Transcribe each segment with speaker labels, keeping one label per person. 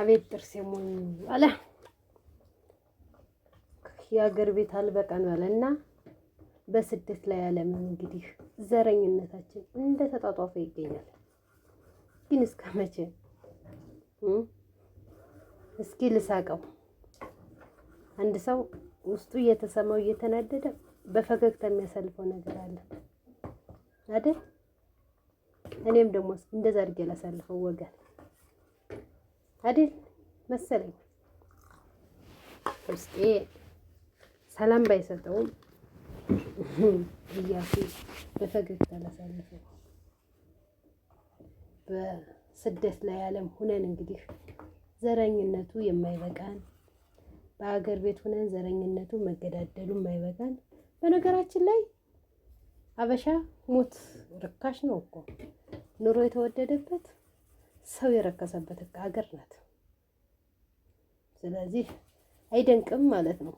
Speaker 1: አቤት ጥርሴ ሞኝ አለ። የአገር ቤት አለ እና በስደት ላይ ዓለም እንግዲህ ዘረኝነታችን እንደ ተጧጧፈ ይገኛል። ግን እስከ መቼ እስኪ ልሳቀው? አንድ ሰው ውስጡ እየተሰማው እየተናደደ በፈገግታ የሚያሳልፈው ነገር አለ አይደል? እኔም ደግሞ እንደዛ አድርጌ ላሳልፈው ወገን አይደል መሰለኝ ውስጤ ሰላም ባይሰጠውም እያሱ በፈገግታ ላሳልፈው። በስደት ላይ ዓለም ሁነን እንግዲህ ዘረኝነቱ የማይበቃን በሀገር ቤት ሁነን ዘረኝነቱ መገዳደሉ የማይበቃን። በነገራችን ላይ አበሻ ሞት ርካሽ ነው እኮ ኑሮ የተወደደበት ሰው የረከሰበት ሀገር ናት። ስለዚህ አይደንቅም ማለት ነው።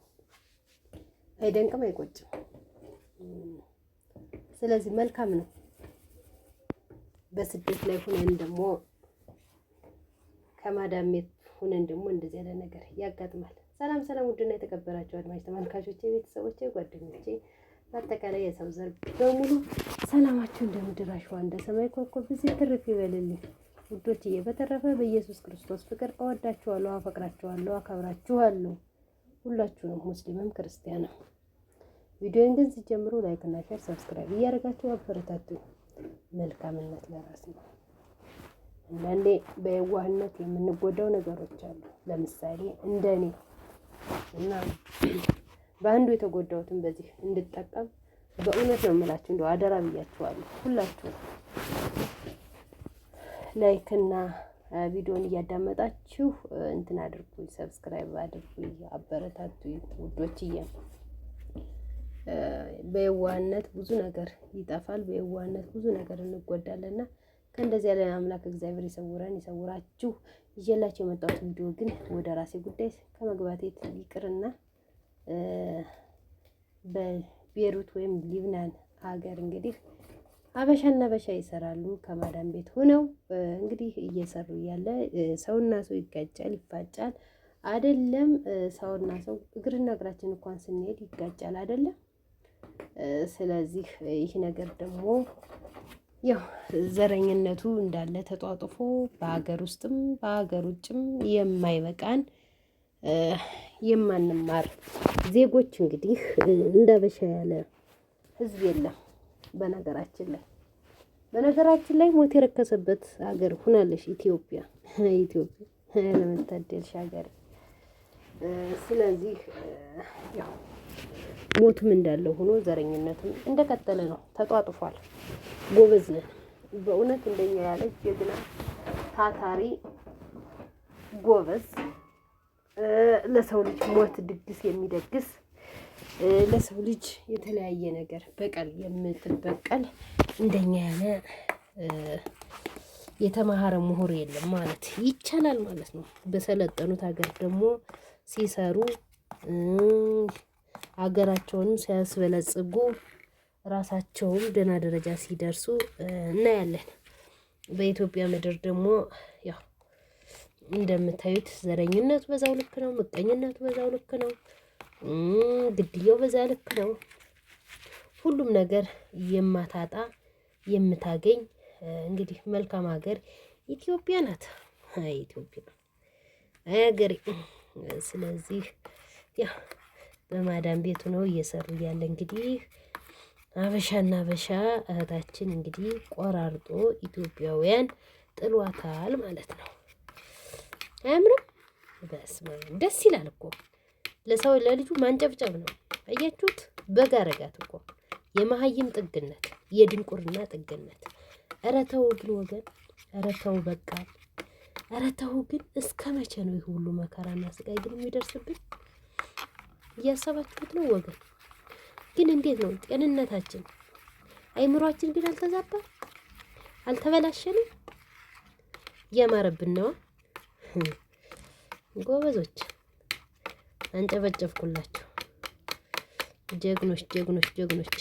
Speaker 1: አይደንቅም፣ አይቆጭም። ስለዚህ መልካም ነው። በስደት ላይ ሁነን ደግሞ ከማዳም ቤት ሁነን ደግሞ እንደዚህ ያለ ነገር ያጋጥማል። ሰላም ሰላም፣ ውድና የተከበራችሁ አድማጭ ተመልካቾቼ፣ ቤተሰቦቼ፣ ጓደኞቼ በአጠቃላይ የሰው ዘር በሙሉ ሰላማችሁ እንደምድር አሸዋ እንደ ሰማይ ኮከብ ብዙ ትርፍ ይበልልኝ። ውዶችዬ። በተረፈ በኢየሱስ ክርስቶስ ፍቅር እወዳችኋለሁ፣ አፈቅራችኋለሁ፣ አከብራችኋለሁ ሁላችሁንም ሙስሊምም ክርስቲያንም። ቪዲዮን ግን ሲጀምሩ ላይክ እና ሼር ሰብስክራይብ እያደረጋችሁ አበረታቱ። መልካምነት ለራስ ነው። አንዳንዴ በየዋህነት የምንጎዳው ነገሮች አሉ። ለምሳሌ እንደኔ እና በአንዱ የተጎዳሁትን በዚህ እንድጠቀም በእውነት ነው የምላችሁ። እንደው አደራ ብያችኋለሁ ሁላችሁ ላይክ እና ቪዲዮን እያዳመጣችሁ እንትን አድርጉ፣ ሰብስክራይብ አድርጉኝ፣ አበረታቱኝ ውዶችዬ። በየዋህነት ብዙ ነገር ይጠፋል። በየዋህነት ብዙ ነገር እንጎዳለንና ከእንደዚህ ያለ አምላክ እግዚአብሔር ይሰውረን፣ ይሰውራችሁ። ይዤላችሁ የመጣሁት ቪዲዮ ግን ወደ ራሴ ጉዳይ ከመግባቴ ይቅርና በቤሩት ወይም ሊብናን ሀገር እንግዲህ አበሻና አበሻ ይሰራሉ ከማዳም ቤት ሆነው እንግዲህ እየሰሩ እያለ ሰውና ሰው ይጋጫል፣ ይፋጫል አደለም? ሰውና ሰው እግርና እግራችን እንኳን ስንሄድ ይጋጫል አደለም? ስለዚህ ይህ ነገር ደግሞ ያው ዘረኝነቱ እንዳለ ተጧጥፎ በሀገር ውስጥም በሀገር ውጭም የማይበቃን የማንማር ዜጎች እንግዲህ እንደ አበሻ ያለ ህዝብ የለም። በነገራችን ላይ በነገራችን ላይ ሞት የረከሰበት ሀገር ሁናለሽ ኢትዮጵያ ኢትዮጵያ ለመታደልሽ ሀገር። ስለዚህ ያው ሞትም እንዳለ ሆኖ ዘረኝነትም እንደቀጠለ ነው፣ ተጧጥፏል። ጎበዝ ነን በእውነት እንደኛ ያለች ጀግና ታታሪ ጎበዝ ለሰው ልጅ ሞት ድግስ የሚደግስ ለሰው ልጅ የተለያየ ነገር በቀል የምትበቀል እንደኛ ያለ የተማሃረ ምሁር የለም ማለት ይቻላል ማለት ነው። በሰለጠኑት ሀገር ደግሞ ሲሰሩ ሀገራቸውንም ሲያስበለጽጉ ራሳቸውም ደህና ደረጃ ሲደርሱ እናያለን። በኢትዮጵያ ምድር ደግሞ ያው እንደምታዩት ዘረኝነቱ በዛው ልክ ነው፣ ምቀኝነቱ በዛው ልክ ነው። ግድያው በዛ ልክ ነው። ሁሉም ነገር የማታጣ የምታገኝ እንግዲህ መልካም ሀገር ኢትዮጵያ ናት። ኢትዮጵያ ሀገሬ። ስለዚህ ያ በማዳም ቤቱ ነው እየሰሩ ያለ እንግዲህ አበሻና አበሻ እህታችን እንግዲህ ቆራርጦ ኢትዮጵያውያን ጥሏታል ማለት ነው። አያምርም? በስመ አብ ደስ ይላል እኮ ለሰው ለልጁ ማንጨብጨብ ነው። አያችሁት? በጋ ረጋት እኮ የመሀይም ጥግነት፣ የድንቁርና ጥግነት። ኧረ ተው ግን ወገን፣ ኧረ ተው በቃ፣ ኧረ ተው ግን። እስከ መቼ ነው ይህ ሁሉ መከራና ስቃይ ግን የሚደርስብን? እያሰባችሁት ነው ወገን። ግን እንዴት ነው ጤንነታችን? አይምሯችን ግን አልተዛባ አልተበላሸንም? እያማረብን ነዋ ጎበዞች። አንጨበጨብኩላችሁ። ጀግኖች ጀግኖች ጀግኖች